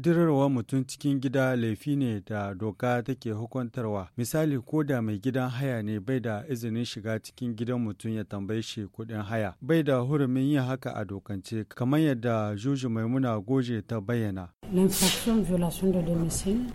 Dirarwa mutum cikin gida laifi ne da doka take hukuntarwa. Misali ko da mai gidan haya ne bai da izinin shiga cikin gidan mutum ya tambaye shi kuɗin haya. Bai da hurumin yin haka a dokance, kamar yadda Juju Maimuna Goje ta bayyana.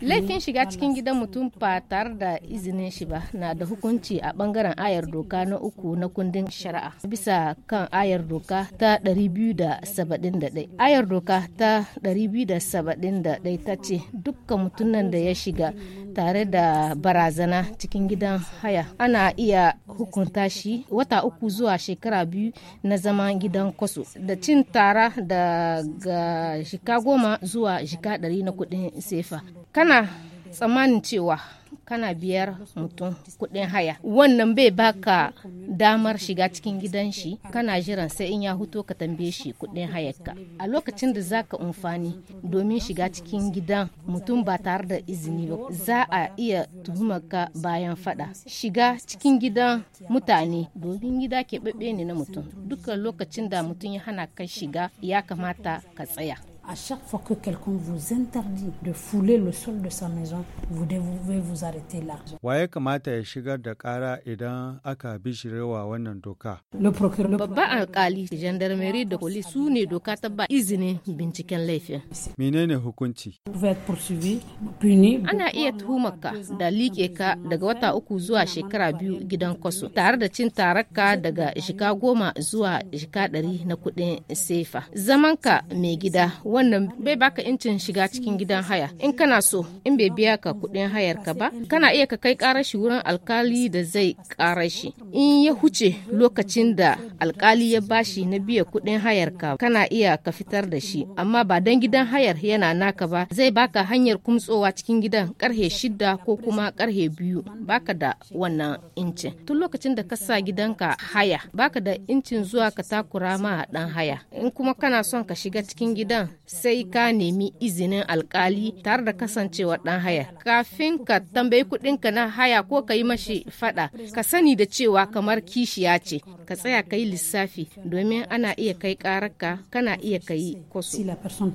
Laifin shiga cikin gidan mutum ba tare da izinin shi ba na da hukunci a bangaren ayar doka na uku na kundin shari'a bisa kan ayar doka ta 271. Ayar doka ta 271 ta ce dukkan mutumin da ya shiga tare da barazana cikin gidan haya ana iya hukunta shi wata uku zuwa shekara biyu na zaman gidan kwaso da cin tara daga shika goma zuwa shiga ɗari na kuɗin sefa kana tsammanin cewa kana biyar mutum kuɗin haya wannan bai baka damar shiga cikin gidan shi kana jiran sai in ya huto ka tambaye shi kuɗin hayarka a lokacin da za ka umfani domin shiga cikin gidan mutum ba tare da izini ba za a iya tuhumar ka bayan fada shiga cikin gidan mutane domin gida keɓaɓɓe ne na mutum dukkan lokacin da mutum ya hana ka shiga ya kamata ka tsaya À chaque fois que quelqu'un vous interdit de fouler le sol de sa maison, vous devez vous arrêter là. Waye kamata ya shigar da kara idan aka bishirewa wannan doka? Babban alkali, gendarmerie da police su ne doka ta ba izinin binciken laifin. Menene hukunci? Ana iya tuhumarka da like ka daga wata uku zuwa shekara biyu gidan kwaso tare da cin tarakka daga shika goma zuwa shika ɗari na kuɗin sefa. Zamanka mai gida wannan bai baka incin shiga cikin gidan haya in kana so in bai biya ka kuɗin hayar ka ba kana iya ka kai ƙarar shi wurin alkali da zai ƙarar shi in ya huce lokacin da alkali ya bashi na biya kuɗin hayar ka kana iya ka fitar da shi amma ba dan gidan hayar yana naka ba zai baka hanyar kumtsowa cikin gidan karhe shida ko kuma karhe biyu baka da wannan incin tun lokacin da ka sa gidan ka haya baka da incin zuwa ka takura ma dan haya in kuma kana son ka shiga cikin gidan sai ka nemi izinin alkali tare da kasancewa dan haya kafin ka tambayi kuɗinka na haya ko ka yi mashi fada ka sani da cewa kamar kishiya ce ka tsaya ka yi lissafi domin ana iya kai kararka kana iya ka yi kwaso